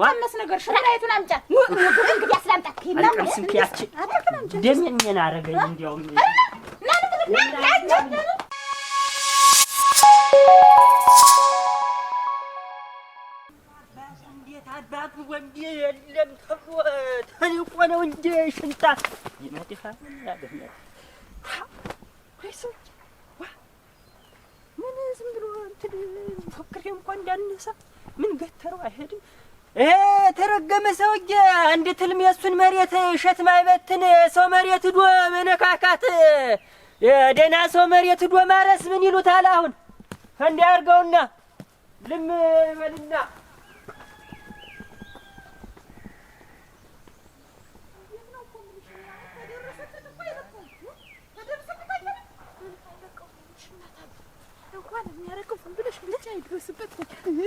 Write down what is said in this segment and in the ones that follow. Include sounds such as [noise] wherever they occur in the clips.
የሚቀመስ ነገር ሽራይቱን አምጫት እንግዲህ አስላምጣት ደሜን አረገኝ። እንዲያውም እንዴት አባቱ ወንድ ምን ዝም ብሎ እንትን ፎክሬ እንኳ እንዳነሳ ምን ገተረው አይሄድም ይሄ የተረገመ ሰውዬ አንድ ትልም የእሱን መሬት እሸት ማይበትን ሰው መሬት ሂዶ መነካካት ደህና ሰው መሬት ሂዶ ማረስ ምን ይሉታል? አሁን ፈንድ ያርገውና ልም በልና እንኳን የሚያደርገው ብለሽ ብቻ ይድረስበት ነው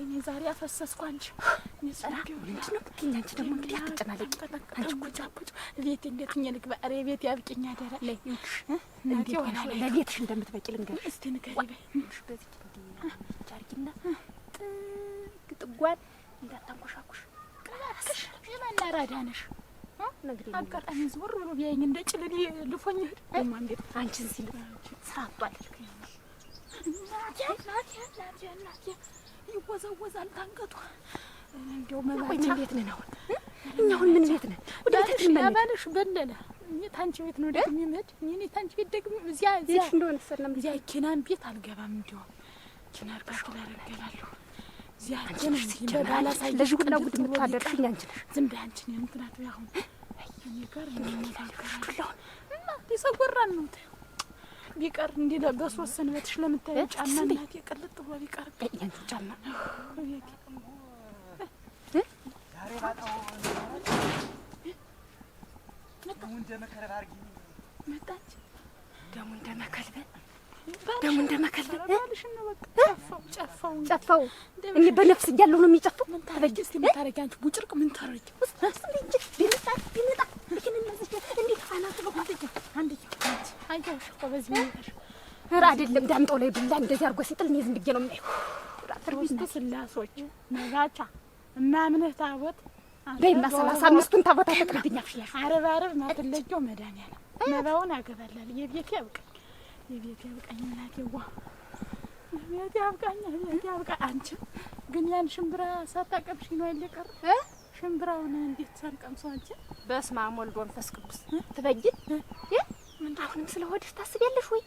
ወይኔ ዛሬ አፈሰስኩ። አንቺ አንቺ ደግሞ እንግዲህ አትጨናለቂ። አንቺ ቤት እንዴት እኛ ልግባ? ኧረ ቤት ያብቂኝ አደራ። ለቤትሽ እንደምትበቂ ልንገርሽ። እስቲ ንገሪ ጃርጊና ጥጓን እንዳታንኮሻኩሽ። የማን አራዳ ነሽ? አጋጣሚ ዞር ብሎ ቢያየኝ እንደ ጭልል ልፎኝ ሄድ። አንቺን ሲል ስራ አጧል ይወዛወዛል ታንገቷ። እንዲያው መባቻ ቤት ነን አሁን እኛ አሁን ምን ቤት ነን? ወደ ቤት ነን ባልሽ በለለ እኔ ታንቺ ቤት ነው ደግሞ የሚመድ እኔ ታንቺ ቤት ደግሞ እዚያ እዚያ እንደሆነ ሰላም እዚያ ኪናን ቤት አልገባም። እንዲያው ኪናን ጋር ተላረገላለሁ እዚያ ጀነ ሲጀባላ ሳይ ለዚህ ሁሉ ጉድ የምታደርሽኝ አንቺ ነሽ። ዝም በይ አንቺ ነው እኔ ጋር ነው ታዩ ቢቀር እንዲ በሶስት ሰንበትሽ ለምታየው ጫማ እናት ቅልጥ ብሎ ቢቀር ያንቺ ጫማ መጣች ደሙ እንደመከልበል ደግሞ እንደመከለል ጨፋው እኔ በነፍስ እያለሁ ነው የሚጨፋው። ቡጭርቅ ምን ታረጊ? ኧረ አይደለም ዳምጠው ላይ ብላ እንደዚህ አድርጎ ሲጥል እኔ ዝም ብዬ ነው የማየው። ስላሶች መባቻ እማምነህ ታቦት በይማ ሰላሳ አምስቱን ታቦት አፈቅርብኛል። አረብ አረብ ማትለየው መድኃኒዓለም መባውን አገባላለሁ የቤት ያውቃል የቤት ያብቃኝ እናቴ ዋ የቤት ያብቃኝ የቤት ያብቃኝ። አንቺ ግን ያን ሽምብራ ሳታቀምሽ ነው ያለቀረ ሽምብራውን እንዴት ሳንቀምሰው አንቺ በስመ አብ ወልድ ወመንፈስ ቅዱስ ትበይን ምን አሁንም ስለ ሆድሽ ታስቢያለሽ ወይ?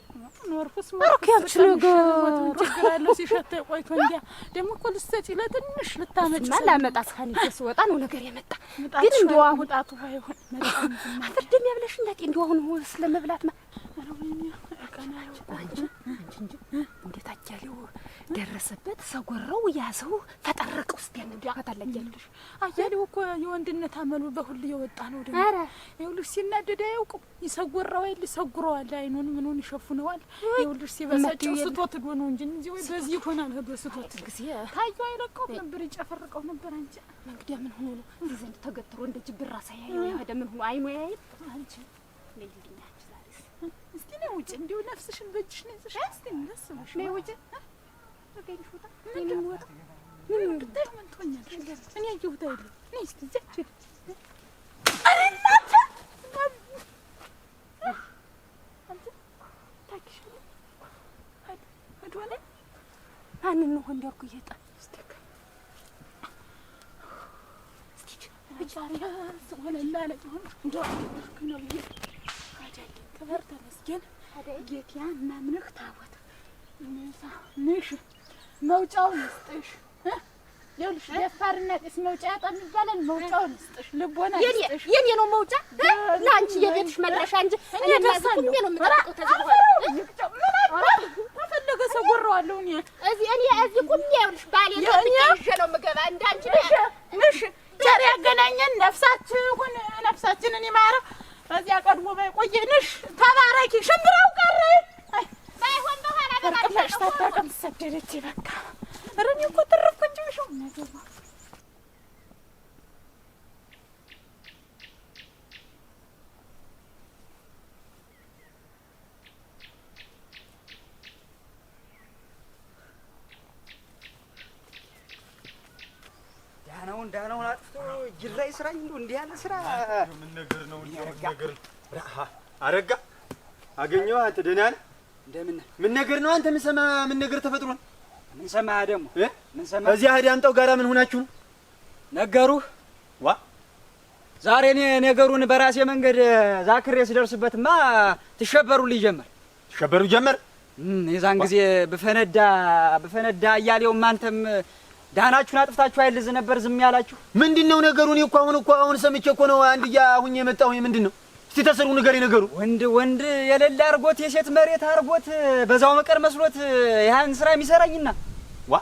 ኖርኩስ ኖርኩ ያልሽ ችግር አለው ሲሸተ ቆይቶ እንዲያ ደግሞ እኮ ልትሰጪ ለትንሽ ልታመጪ ማ ላመጣ እስካሁን ወጣ ነው ነገር የመጣ ግን እንዲሁ አሁን ጣቱ ባይሆን አፈር ደም ያብለሽ እንዳጤ እንዲሁ አሁን ስለመብላት ማ እንዴት አያሌው ደረሰበት ሰጎረው ያዘው ፈጠረቀው። እስቲ ያንዳታላያለሽ አያሌው እኮ የወንድነት አመሉ በሁሉ የወጣ ነው። ደግሞ ይኸውልሽ ሲናደድ አያውቅም። ይሰጎራው አይል ይሰጉረዋል። አይኑን ምኑን ይሸፍነዋል። ይኸውልሽ ሲበሳጨው ስቶት ዶ ነው እንጂ እንዚ ወይ በዚህ ይሆናል። ህዶ ስቶት ጊዜ ታየው አይለቀው ነበር ይጨፈርቀው ነበር። አንቺ እንግዲያ ምን ሆኖ ነው እዚህ ዘንድ ተገትሮ እንደጅ ብራሳ ያየው ያደ ሆኖ አይኑ ያይል አንቺ እኔ ውጭ እንዲሁ ነፍስሽን በእጅሽ ነው ይዘሽ እስቲ እንደስበሽ ነው ውጭ ወገንሽ ወጣ ምን ወጣ ምን ብታይ ምን ትሆኛለሽ? እኔ ያየሁት አይደለም። እኔ እስቲ ዘጭ አረ እናት አንተ ታክሽ አይ ወደዋለ አን ነው ነው ይጣ ተመስገን ጌትያ እናምንህ ታወት ንሽ መውጫው ንስጥሽ ይኸውልሽ ደፋርና እስ መውጫ ያጣም ይባላል። መውጫውን ይስጥሽ፣ ልቦና ይስጥሽ። የኔ ነው መውጫ ለአንቺ የቤትሽ መድረሻ እንጂ እኔ ከዚህ ሁሌ ነው የምጠብቀው። ከዚህ በኋላ ተፈለገ ሰጎረዋለሁ። እኔ እዚህ እኔ እዚህ ሁሌ ይኸውልሽ ባሌ ጠብቄ ይዤ ነው የምገባ እንዳንቺ ነሽ። ቸር ያገናኘን ነፍሳችን ነፍሳችን እኔ ይማረው በዚያ ቀድሞ በይቆየንሽ ተባረኪ። ሽምብራው ቀረ ባይሆን በኋላ በቃ ሰደደች። በቃ እኔ እኮ ትርፍ እንጂ አጥፍቶ እንደው እንዲህ ያለ ስራ ምን ነገር ነው? ነገር አረጋ አገኘው። አንተ ደህና ነህ? እንደምን ምን ነገር ነው አንተ? ምን ሰማ? ምን ነገር ተፈጥሮ ነው? ምን ሰማ ደግሞ? ምን ሰማ? አህዲ ጋራ ምን ሆናችሁ ነው ነገሩ? ዋ ዛሬ እኔ ነገሩን በራሴ መንገድ ዛክሬ ስደርስበትማ ትሸበሩ ልይ ጀመር ትሸበሩ ጀመር። የዛን ጊዜ ብፈነዳ ብፈነዳ እያሌውም አንተም ዳናችሁን አጥፍታችሁ አይል እዚህ ነበር ዝም ያላችሁ ምንድን ነው ነገሩ? እኮ አሁን እኮ አሁን ሰምቼ እኮ ነው አንድ ያ አሁን የመጣው ምንድን ነው? እስቲ ተሰሩ ንገሪ ነገሩ። ወንድ ወንድ የሌለ አርጎት የሴት መሬት አርጎት በዛው መቀር መስሎት ያን ስራ የሚሰራኝና ዋ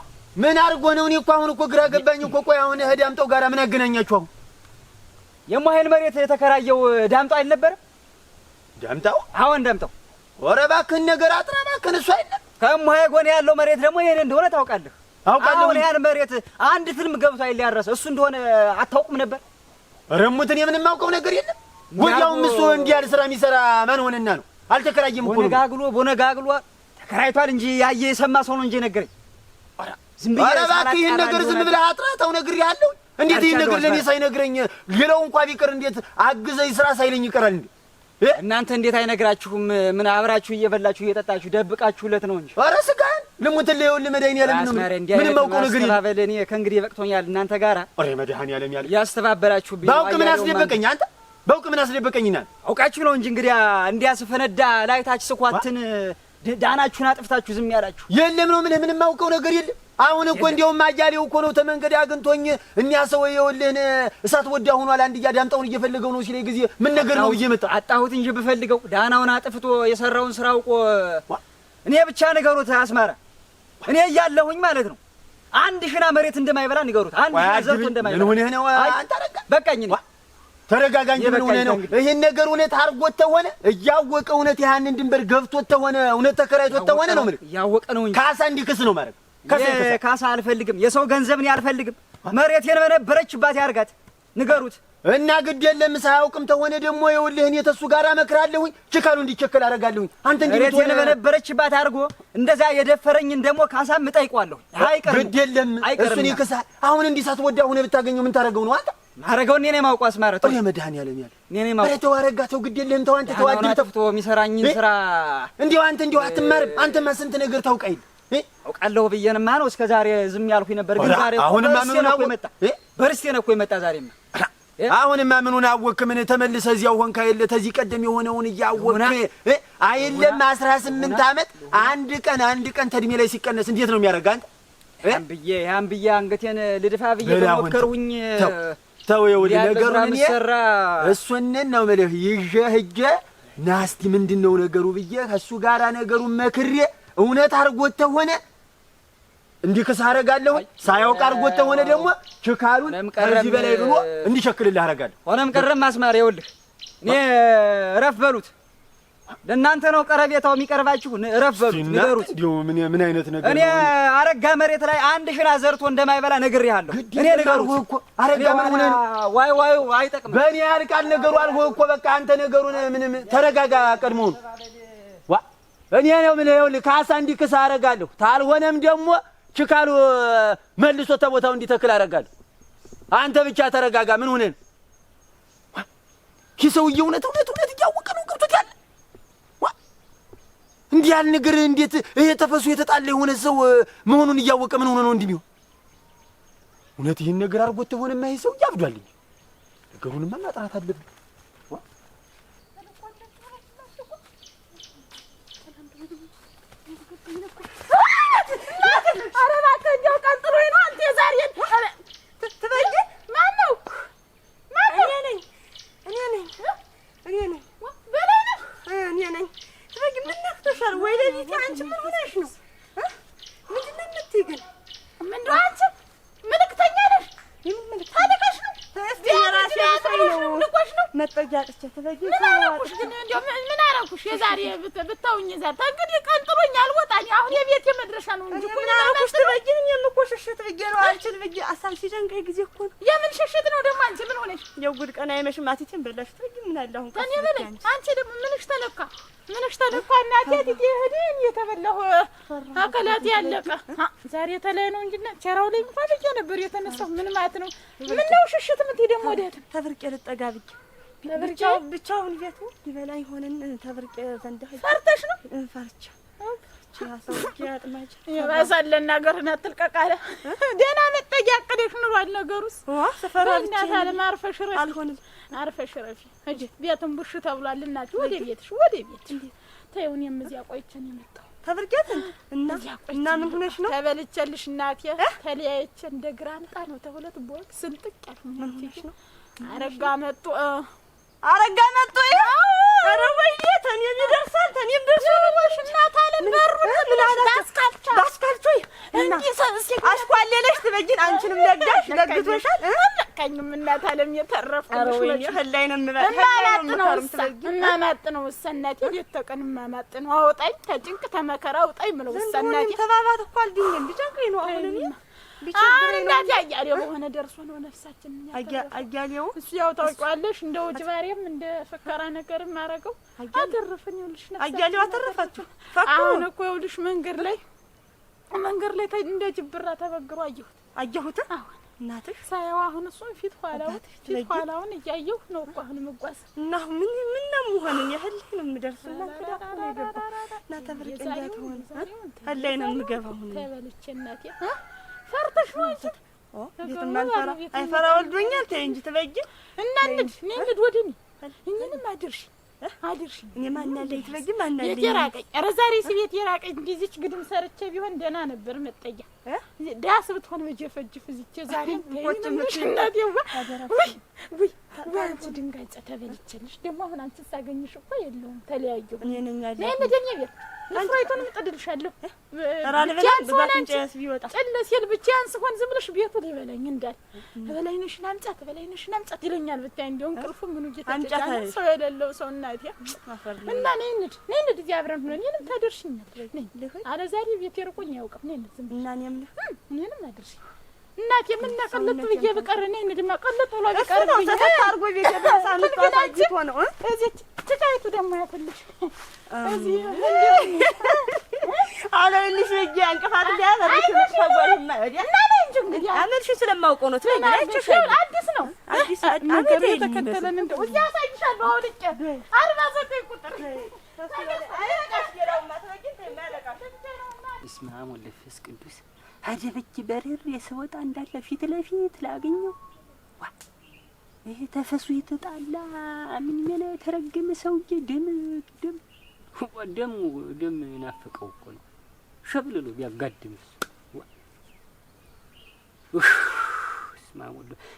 ምን አርጎ ነው? እኔ እኮ አሁን እኮ ግራ ገባኝ እኮ። ቆይ አሁን ዳምጠው ጋራ ምን አገናኛችሁ? አሁን የማይል መሬት የተከራየው ዳምጠው አልነበረ? ዳምጠው አሁን ዳምጠው ወረ ነገር አጥራ እሱ አይደለም ጎን ያለው መሬት ደግሞ ይሄን እንደሆነ ታውቃለህ። አውቃለሁ። አሁን ያን መሬት አንድ ትልም ገብቶ አይል ያረሰ እሱ እንደሆነ አታውቁም ነበር። ረሙትን የምንም አውቀው ነገር የለም። ወዲያውም እሱ እንዲህ ያለ ስራ የሚሰራ ማን ሆነና ነው? አልተከራየም እኮ ቦነጋግሎ ቦነጋግሎ ተከራይቷል እንጂ ያየ የሰማ ሰው ነው እንጂ ነገረኝ። ዝም ብዬ እባክህ ይህን ነገር ዝም ብለህ ነገር ያለው እንዴት ይህን ነገር ለኔ ሳይነግረኝ ሌላው እንኳ ቢቀር እንዴት አግዘኝ ስራ ሳይለኝ ይቀራል እንዴ? እናንተ እንዴት አይነግራችሁም? ምን አብራችሁ እየበላችሁ እየጠጣችሁ ደብቃችሁለት ነው እንጂ። ኧረ ስጋን ልሙትልህ። ይኸውልህ መድኃኒዓለም ምን ምንም አውቀው ነገር ይባበል። እኔ ከእንግዲህ በቅቶኛል እናንተ ጋራ። ኧረ መድኃኒዓለም ያለ ቢሆን ባውቅ ምን አስደበቀኝ አንተ በውቅ ምን አስደበቀኝና አውቃችሁ ነው እንጂ እንግዲያ እንዲያ ስፈነዳ ላይታች ስኳትን ዳናችሁን አጥፍታችሁ ዝም ያላችሁ የለም ነው። ምን ምንም አውቀው ነገር የለም አሁን እኮ እንዲያውም አያሌው እኮ ነው ተመንገድ አግኝቶኝ እኒያ ሰው የውልህን እሳት ወዳ ሆኗል። አንድ እያ ዳምጣውን እየፈልገው ነው ሲለኝ ጊዜ ምን ነገር ነው እየመጣ አጣሁት እንጂ ብፈልገው ዳናውን አጥፍቶ የሰራውን ስራ አውቆ እኔ ብቻ ንገሩት አስማራ፣ እኔ እያለሁኝ ማለት ነው። አንድ ሽና መሬት እንደማይበላ ንገሩት። አንድ ሽና ዘርቶ እንደማይበላ ምን ነው አንተ በቃኝ ነው ተረጋጋ እንጂ ምን ሆነህ ነው? ይህን ነገር እውነት አድርጎት ተሆነ እያወቀ እውነት ያህንን ድንበር ገብቶት ተሆነ እውነት ተከራይቶት ተሆነ ነው የምልህ። እያወቀ ነው እንጂ ካሳ እንዲክስ ነው ማለት ካሳ አልፈልግም። የሰው ገንዘብ እኔ አልፈልግም። መሬቴን በነበረችባት ያርጋት ንገሩት እና ግድ የለም ሳያውቅም ተሆነ ደግሞ የውልህን የተሱ ተሱ ጋር እመክራለሁኝ። ችካሉ እንዲቸከል አደርጋለሁኝ። አንተ እንዲህ መሬቴን በነበረችባት አድርጎ እንደዛ የደፈረኝን ደግሞ ካሳ እጠይቋለሁ። አይቀርም፣ ግድ የለም እሱን ይክሳል። አሁን እንዲህ ሳትወዳ ሆነ ብታገኘው ምን ታደርገው ነው አንተ? ማረገው እኔ ነኝ የማውቀው አስማረተው እኔ መድኃኒዓለም ያለ እኔ ነኝ የማውቀው። ተው አረጋ ተው፣ ግድ የለህም ተው አንተ ተው። አንተ ተፍቶ የሚሰራኝን ስራ እንዲሁ አንተ እንዲሁ አትማርም። አንተማ ስንት ነገር ታውቃለህ አውቃለሁ ብዬንማ ነው እስከ ዛሬ ዝም ያልኩኝ ነበር። ግን ዛሬ አሁንማ ምኑን አወቅ በርስቴ ነው እኮ የመጣ ዛሬማ። አሁንማ ምኑን አወቅ? ምን ተመልሰ እዚያው ሆንክ አይደለ? ተዚህ ቀደም የሆነውን እያወቅ አይደለም። አስራ ስምንት ዓመት አንድ ቀን አንድ ቀን ተድሜ ላይ ሲቀነስ እንዴት ነው የሚያደርግ? አንተ ያን ብዬ ያን ብዬ አንገቴን ልድፋ ብዬ በሞከርሁኝ ተው የውድ ነገሩን እሱንን ነው የምልህ። ይዤ ህጄ ናስቲ ምንድን ነው ነገሩ ብዬ ከእሱ ጋራ ነገሩን መክሬ እውነት አርጎት ተሆነ እንዲክስ አረጋለሁ። ሳያውቅ አርጎት ተሆነ ደግሞ ችካሉን ከዚህ በላይ ብሎ እንዲሸክልልህ አረጋለሁ። ሆነም ቀረም ማስማር ይኸውልህ እኔ እረፍ በሉት። ለእናንተ ነው ቀረቤታው የሚቀርባችሁ። እረፍ በሉት፣ ንገሩት። ምን ምን አይነት ነገር እኔ አረጋ መሬት ላይ አንድ ሽና ዘርቶ እንደማይበላ ነግሬሃለሁ። እኔ ነገር እኮ አረጋ ምን ሆነ? ዋይ ዋይ አይጠቅም። በእኔ ያልቃል ነገሩ። አልሆ እኮ በቃ አንተ ነገሩን ምንም ተረጋጋ። ቀድሞውን እኔ ነው ምን ይኸውልህ ካሳ እንዲክስ አደርጋለሁ። ታልሆነም ደግሞ ችካሉ መልሶ ተቦታው እንዲተክል አደርጋለሁ። አንተ ብቻ ተረጋጋ። ምን ሆነን ይህ ሰውዬ እውነት እውነት እውነት እያወቀ ነው ገብቶት ያለ እንዲህ ያለ ነገር እንዴት ይሄ ተፈሱ የተጣለ የሆነ ሰው መሆኑን እያወቀ ምን ሆነ ነው እንዲህ የሚሆን? እውነት ይህን ነገር አድርጎት ሆነ? ይሄ ሰው እያብዷልኝ ነገሩንማ ማጥራት አለብን። ጊዜ እኮ ነው። የምን ሸሸት ነው ደግሞ? አንቺ ምን ሆነሽ? የው ጉድ ቀን አይመሽም። አቲቴን በላሽ ትይ ምን አለ አሁን ከኔ በላይ አንቺ ደግሞ ምንሽ ተለካ? ምንሽ ተለካ? እናቴ አቲቲ እህዴ የተበላሁ አካላት ያለቀ ዛሬ ተለይ ነው እንጂ ቸራው ላይ እንኳን ልጄ ነበር የተነሳው። ምን ማለት ነው? ምን ነው ሽሽት የምትይ ደግሞ? ወዴት ተብርቄ ልጠጋ ብዬ ብቻውን ቤቱ ይበላኝ ሆነን ተብርቄ ዘንድ ፈርተሽ ነው? ፈርቻ የባሳለን ነገርን አትልቀቅ አለ። ደህና መጠጊያ አቅደሽ ኑሯል። ነገሩስ በእናትህ አለም አርፈሽ እረፊ፣ አርፈሽ እረፊ። ሂጂ ቤትም ቡሽ ተብሏል። እናትህ ወደ ቤትሽ፣ ወደ ቤትሽ ተይው። እኔም እዚያ ቆይቼ ነው የመጣሁ። ተብርጌት እና ምን ሆነሽ ነው? ተበልቼልሽ እናቴ፣ ተለያይቼ እንደ ግራ ነው ተሁለት ቦክ ስንጥቅ ያልኩ ነው። አረጋ መጡ፣ አረጋ መጡ። ይኸው ኧረ ተኔም ይደርሳል ተኔም ደርሳል። እናት አለም በሩ ባስካልቻ ባስካልቾ አስኳሌለሽ ትበይን አንቺንም ነጋሽ ነግቶሻል። ቀኝም እናት አለም የተረፍኩሽ ላይ ነው እማማጥ ነው ውሰናቴ ሌት ተቀን እማማጥ ነው አውጣኝ ተጭንቅ ተመከራ አውጣኝ ምለው ውሰናቴ ተባባት እኮ አልድኝ እንዲጨንቅ ነው አሁን አሁን እናቴ አያሌው በሆነ ደርሶ ነው ነፍሳችን አያሌው እሱ ያው ታውቂዋለሽ፣ እንደ ውጭ ባሬም እንደ ፈከራ ነገርም አደረገው አተረፈን። ይኸውልሽ አያሌው አተረፋችሁ። አሁን እኮ ይኸውልሽ መንገድ ላይ መንገድ ላይ እንደ ጅብራ ተበግሮ አየሁት አየሁት። እናትሽ ሳየው አሁን እሱን ፊት ኋላውን ፊት ኋላውን እያየሁ ነው እኮ አሁን መጓዝ እና ምን ምን ነው መሆን ያህል ነው የምደርስ እና ተብርቅ እንዲያ አላይ ነው የምገባው ተበልቼ እናቴ ፈርተሽ ነው አንቺ? አይፈራ ወልዶኛል። ተይ እንጂ ትበጊ እና እንሂድ፣ እኔ እንሂድ ወደ እኔ እኔንም አድርሽ አድርሽ። እኔ ማናለኝ ትበጊ ማናለኝ የራቀኝ። ኧረ ዛሬ ሲቤት የራቀኝ እንዲዚች ግድም ሰርቼ ቢሆን ደህና ነበር። መጠያ ዳስ ብትሆን በጀፈጅፍ እዚቼ ዛሬ ተይምሽነት ይዋ ወይ ወይ አንቺ ድንጋይ ጸ ተበልቼልሽ ደግሞ አሁን አንቺ ሳገኝሽ እኮ የለውም ተለያየሁ። እኔ ነኝ ያለ ለምን ደኛ ቤት እፍራይቱንም እጥድልሻለሁ። ብቻዬን ስሆን አንቺ ጭል ሲል ብቻዬን ስሆን ዝም ብለሽ ቤቱ ሊበለኝ እንዳል እበላይነሽን አምጫት እበላይነሽን አምጫት ይለኛል። ብታይ እንዲሁ እንቅልፉ ምኑ እየተጨጫነ ሰው የሌለው ሰው ያ እና ነይ እንሂድ ነይ እንሂድ እዚህ አብረን ሆነን እኔንም ታደርሽኛለሽ። አለ ዛሬ ቤት የርቆኝ አያውቅም። ነይ እንሂድ ዝም ብለሽ እና እኔም ልህ እኔንም አደርሽኝ እናቴ ምነው ቅልጥ ብዬ ብቀር እኔ እንድማ ቅልጥ ብሎ ቢቀር ነው አርጎ ቤት ያሳን ተሳጅቶ ነው እዚህ ትታይቱ ደግሞ ያፈልሽ እዚህ አለልሽ ልጅ አንቀፋት ያዘርሽ ተጓልማ ወዲያ እና ላይ እንጂ እንግዲህ አለልሽ ስለማውቀው ነው ትለኛለሽ አዲስ ነው አዲስ ነገር ተከተለን እንደው እዚህ አሳይሻለሁ አውልቄ አርባ ዘጠኝ ቁጥር ይስማ ወልደፈስ ቅዱስ አደበጅ በሬሬ ስወጣ እንዳለ ፊት ለፊት ላገኘው ዋ ይሄ ተፈሱ የተጣላ ምን ምን የተረገመ ሰውዬ ደም ደም ደሙ ደም ናፍቀው እኮ ነው ሸብልሎ ቢያጋድምስ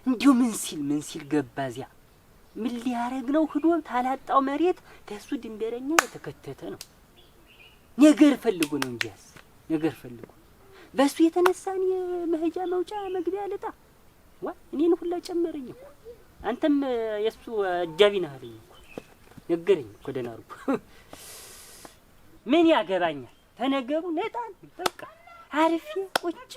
እንዲሁ ምን ሲል ምን ሲል ገባ እዚያ ምን ሊያረግ ነው ህዶ ታላጣው መሬት ተሱ ድንበረኛ የተከተተ ነው ነገር ፈልጎ ነው እንጂ ያስ ነገር ፈልጎ በእሱ የተነሳን የመሄጃ መውጫ መግቢያ ልጣ ዋ እኔን ሁላ ጨመረኝ እኮ አንተም የእሱ አጃቢ ነህ አለኝ እኮ ነገረኝ እኮ ደህና አድርጎ ምን ያገባኛል ተነገሩ ነጣን በቃ አርፌ ቁጭ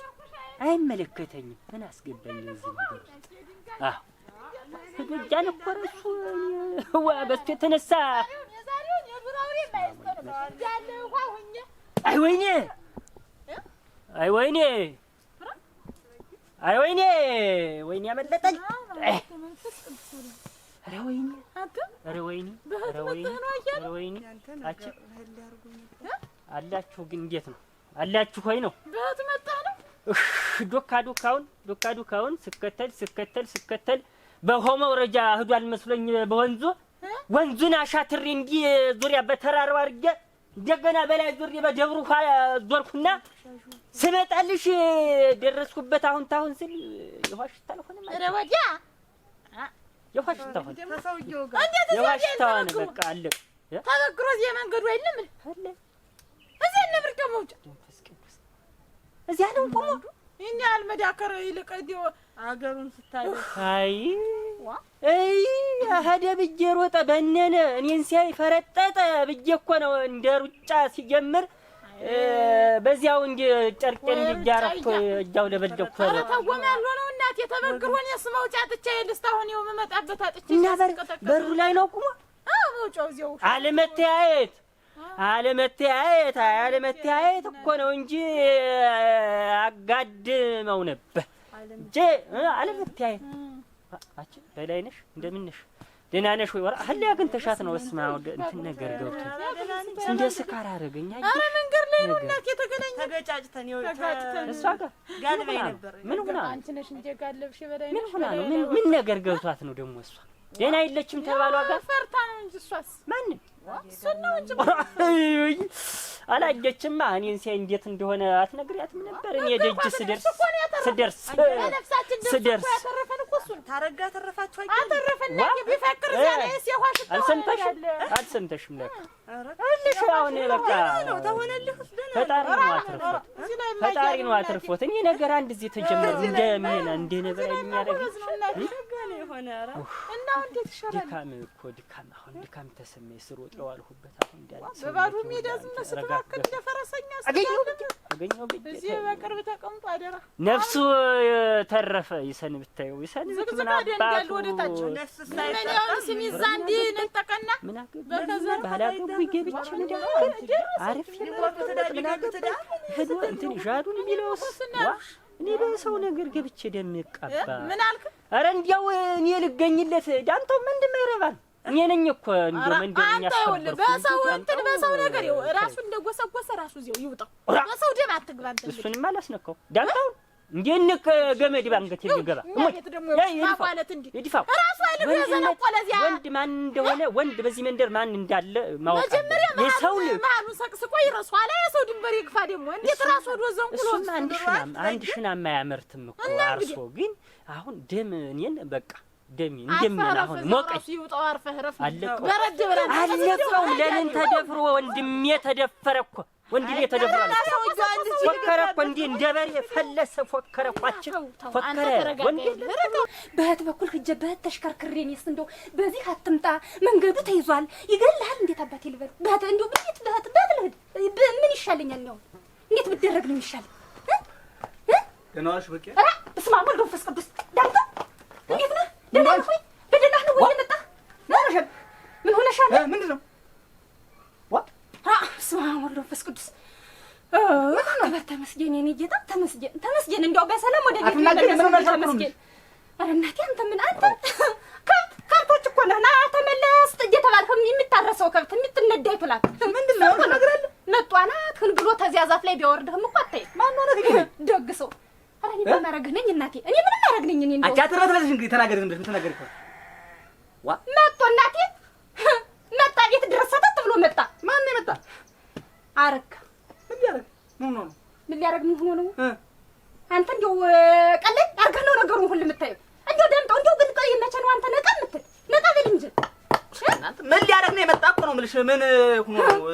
አይመለከተኝም ምን አስገባኝ እዚህ ነገር አዎ ጃን እሱ በእሱ የተነሳ አይ ወይኔ አይ ወይኔ፣ አይ ወይኔ፣ ወይኔ አይ ወይኔ ወይኔ አመለጠኝ። ኧረ ወይኔ፣ ኧረ ወይኔ፣ ወይኔ፣ ወይኔ። አላችሁ ግን እንዴት ነው አላችሁ? ሆይ ነው በት መጣ ነው ዶካ ዶካውን ዶካ ዶካውን ስከተል ስከተል ስከተል በሆመ ወረጃ እህዷል መስሎኝ በወንዙ ወንዙን አሻትሬ እንዲህ ዙሪያ በተራራው አድርጌ እንደገና በላይ ዙር በደብሩ ዞርኩና ስመጣልሽ ደረስኩበት። አሁን ታሁን ስል የውሃ ሽታ አልሆነ ማለት ወዲያ የውሃ ሽታ ሆነ። የውሃ ሽታ ሆነ። በቃ አለ ተበክሮ እዚህ መንገዱ አይልም አለ እዚህ ነብር ከመውጫ እዚያ ነው ቆሞ ይህን ያህል መዳከር ይልቅ እንዲያው አገሩን ስታይ አይ እይ አሀደ ብዬ ሮጠ በነነ እኔን ሲያይ ፈረጠጠ ብዬ እኮ ነው እንደ ሩጫ ሲጀምር በዚያው እንዲ ጨርቄን እንዲያረኩ እጃው ደበደብኩ። ተወም ያልሆነው ነው እናቴ ተበግሮ እኔ ስመውጫ ጥቻ የልስታ ሆን ው መመጣበት አጥቼ በሩ ላይ ነው ቁሞ መውጫው እዚያው አለመተያየት አለመተያየት አለመተያየት እኮ ነው እንጂ አጋድመው ነበር እንጂ አለመተያየት አንቺ በላይ ነሽ እንደምን ነሽ? ደህና ነሽ ወይ? ወራ አለ ሀሊ ተሻት ነው? እስማ እንትን ነገር ገብቶ እንደ ስካር አደረገኝ። አረ መንገድ ላይ ነው እናቴ የተገናኘ ተገጫጭተን ይወጣ ተገጫጭተን እሷ ጋር ጋልበይ ነበር። ምን ሆና አንቺ ነሽ እንደ ጋልብሽ በላይ ነሽ። ምን ሆና ነው? ምን ነገር ገብቷት ነው ደግሞ? እሷ ደህና የለችም ተባሏ ጋር ፈርታ ነው እንጂ እሷስ ማንም [laughs] አላየችማ። እኔን ሲያይ እንዴት እንደሆነ አትነግሪያትም ነበር? እኔ ደጅ ስደርስ ስደርስ ስደርስ አልሰምተሽም አልሰምተሽም አሁን በቃ ፈጣሪ ነው አትርፎት፣ ፈጣሪ ነው አትርፎት። እኔ ነገር አንድ እዚህ ተጀመረ እንደሚና እንደ ነገር የሚያደርግ ሆነ። ኧረ እናው እንዴት ይሻላል? ድካም እኮ ድካም፣ አሁን ድካም ተሰማኝ። ስሮጥ የዋልሁበት አሁን በባዶ ሜዳ ዝም ስትባክል እንደ ፈረሰኛ አገኘሁ። እዚህ በቅርብ ተቀምጦ አደራ ነፍሱ ተረፈ። ይሰን ብታየው ይሰን ዝግዝግ ወደ ታች ሚሊዮን ስም ይዛ እንዲ ነጠቀና ባላገቡ ገብቼ እንደ አሪፍ ሄዶ እንትን ዣዱን የሚለውስ እኔ በሰው ነገር ገብቼ ደም ይቀባ ምን አልክ? አረ እንዲያው እኔ ልገኝለት ዳንተው ምንድን ነው ይረባል። እኔ ነኝ እኮ እንደው አንተ ይኸውልህ፣ በሰው እንትን በሰው ነገር ይው ራሱ እንደጎሰጎሰ ራሱ እዚያው ይውጣው። በሰው ደም አትግባ። እሱንም አላስነካው ዳንተውን እንዴ ገመድ ባንገት ይገባ ወንድ ማን እንደሆነ ወንድ በዚህ መንደር ማን እንዳለ የሰው አለ የሰው ድንበር ወደ አንድ ሽናም አንድ አያመርትም እኮ አርሶ። ግን አሁን ደም እኔን በቃ ደም እንደምን አሁን ሞቀ አለቀው። አለቀው። ለምን ተደፍሮ ወንድሜ ተደፈረ እኮ ወንድ ቤት ተደብሯል። ፎከረ እኮ እንዲህ እንደ በሬ ፈለሰ። ፎከረ ኳችን ፎከረ። ወንድ በእህት በኩል ሂጅ በእህት ተሽከርክሬ እኔስ እንደው በዚህ አትምጣ፣ መንገዱ ተይዟል፣ ይገልሃል። እንዴት አባቴ ልበል? በእህት እንደው ብዬሽ በእህት በእህት ልሂድ ምን ይሻለኛል? ነው እንዴት ብደረግ ነው የሚሻል? ደህና ነሽ ብርቄ? ኧረ በስመ አብ ወልድ ወመንፈስ ቅዱስ። እንዴት ነህ? ደህና ነህ ወይ? በደህና ነህ ወይ? የመጣህ ምን ሆነሻል? ምንድን ነው ስማ ወልዶ መንፈስ ቅዱስ ነበር። ተመስገን የኔ ጌታ ተመስገን፣ ተመስገን። እንዲያው በሰላም ወደ ቤት ተመስገን። ኧረ እናቴ አንተ ምን አንተ ከብት ከብቶች እኮ ነህ። ና ተመለስ እየተባልክ የሚታረሰው ከብት የሚትነዳ ይቱላት ምንድን ነው እነግርሃለሁ። መጧ ናትህን ብሎ ተዚያ ዛፍ ላይ ቢያወርድህም እኮ አታይ ማነው ደግ ሰው። ኧረ እናቴ፣ እኔ ምንም አደረግህ እኔ። እንደው አቻ ትረትረሽ እንግዲህ ተናገር፣ ዝም ብለሽ ምን ተናገር ይሆን መጡ እናቴ አረካ ምን ሊያረግ ምን ሆኖ ነው? ምን አንተ እንደው ቀለል አድርገህ ነው ነገሩን ሁሉ የምታየው። እንደው ደምጠው እንደው ግን ቆይ መቼ ነው አንተ ነቃ የምትል? ነቃ በል እንጂ ምን ሊያረግ ነው የመጣ እኮ ነው የምልሽ። ምን ሆኖ ነው?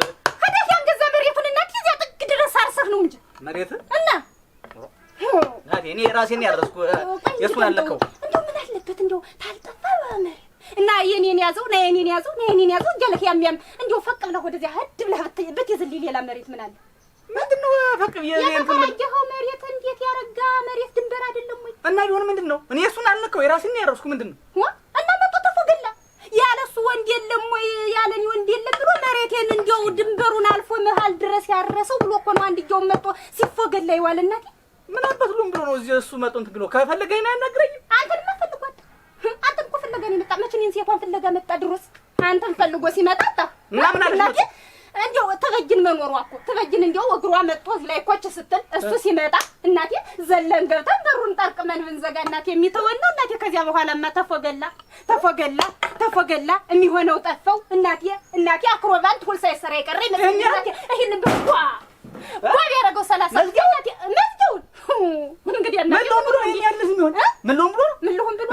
ከደፊ አንገዛ መሬቱን እና ጊዜ ጥግ ድረስ አርሰህ ነው እንጂ መሬት እና እኔ ራሴን ያረስኩ የእሱን አለከው። እንደው ምን አለበት እንደው ታልጠፋ መሬት እና የኔን ያዘው ና የኔን ያዘው ና የኔን ያዘው እያለህ ያም ያም እንዲሁ ፈቅ ብለህ ወደዚያ ህድ ብለህ ብትይዝልኝ ሌላ መሬት ምን አለ? ምንድን ነው ፈቅ የተከራጀኸው መሬት እንዴት ያረጋ መሬት ድንበር አይደለም ወይ? እና ቢሆን ምንድን ነው እኔ እሱን አልነካው የራሴን ያረስኩ ምንድን ነው እና መጡ ጥፉ ግላ ያለ እሱ ወንድ የለም ወይ ያለኔ ወንድ የለም ብሎ መሬቴን እንዲያው ድንበሩን አልፎ መሀል ድረስ ያረሰው ብሎ እኮ ነው አንድ እያውን መጥቶ ሲፎገላ ይዋል እናቴ ምን አባት ሉም ብሎ ነው እዚህ እሱ መጥቶ እንትን ብሎ ከፈለገኝ ነው ያናግረኝ አንተን ማፈልጓት ፍለጋ ነው የመጣ? መቼ እኔን ሴቷን ፍለጋ መጣ? ድሮስ አንተን ፈልጎ ሲመጣ ታ ምናምን አለች። እንዲያው ትበጅን መኖሯ እኮ ትበጅን። እንዲያው እግሯ መጥቶ ላይ ኮች ስትል እሱ ሲመጣ እናቴ ዘለን ገብተን በሩን ጠርቅመን ብንዘጋ እናቴ የሚተወን ነው እናቴ። ከዚያ በኋላማ ተፎገላ ተፎገላ ተፎገላ የሚሆነው ጠፈው እናቴ እናቴ አክሮባንት ሁል ሳይሰራ የቀረ ይመስለኛል እናቴ። ብቻ ወይ ያደረገው ሰላሳ እናቴ እንግዲህ እናቴ ምን ብሎ ምን ልሁን ብሎ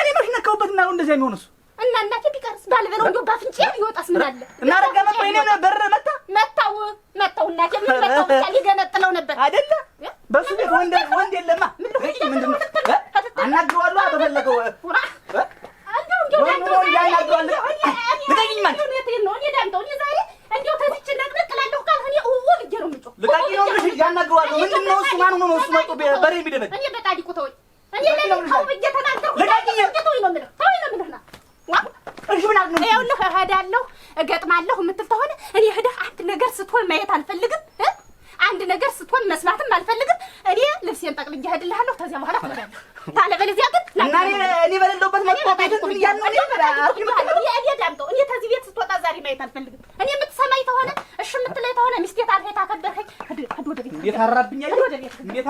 እኔ መች ነካሁበት እና እንደዚያ የሚሆን እሱ እና እናቴ ቢቀርስ ባልበለው እንደው ባፍንጭ ይወጣስ ምን አለ እና ረጋ መጣ በር መጣ መጣው መጣው እናቴ ምን መጣው ብቻ ሊገነጥለው ነበር አይደለ በሱ ቤት ወንድ ወንድ የለማ ምንድን ነው አናግረዋለሁ በፈለገው ያናግረዋለሁ ምንድን ነው እሱ ማን ሆኖ ነው እሱ መጡ በሬ የሚደነግ እኔ በጣዲቁ ተወኝ እኔ ለምን ካው ይኸውልህ እሄዳለሁ እገጥማለሁ የምትል ተሆነ እኔ ሄደህ አንድ ነገር ስትሆን ማየት አልፈልግም። አንድ ነገር ስትሆን መስማትም አልፈልግም። እኔ ልብሴን ጠቅልዬ እሄድልሃለሁ። ከዚያ በኋላ ትሄዳለህ። ታለበለዚያ ግን እኔ በሌለሁበት ዳምጠው እኔ ከዚህ ቤት ስትወጣ ዛሬ ማየት አልፈልግም። እኔ የምትሰማኝ ተሆነ እሺ የምትለኝ ተሆነ ሚስቴ ታልሄ ታከበርከኝ ሂድ ወደ ቤት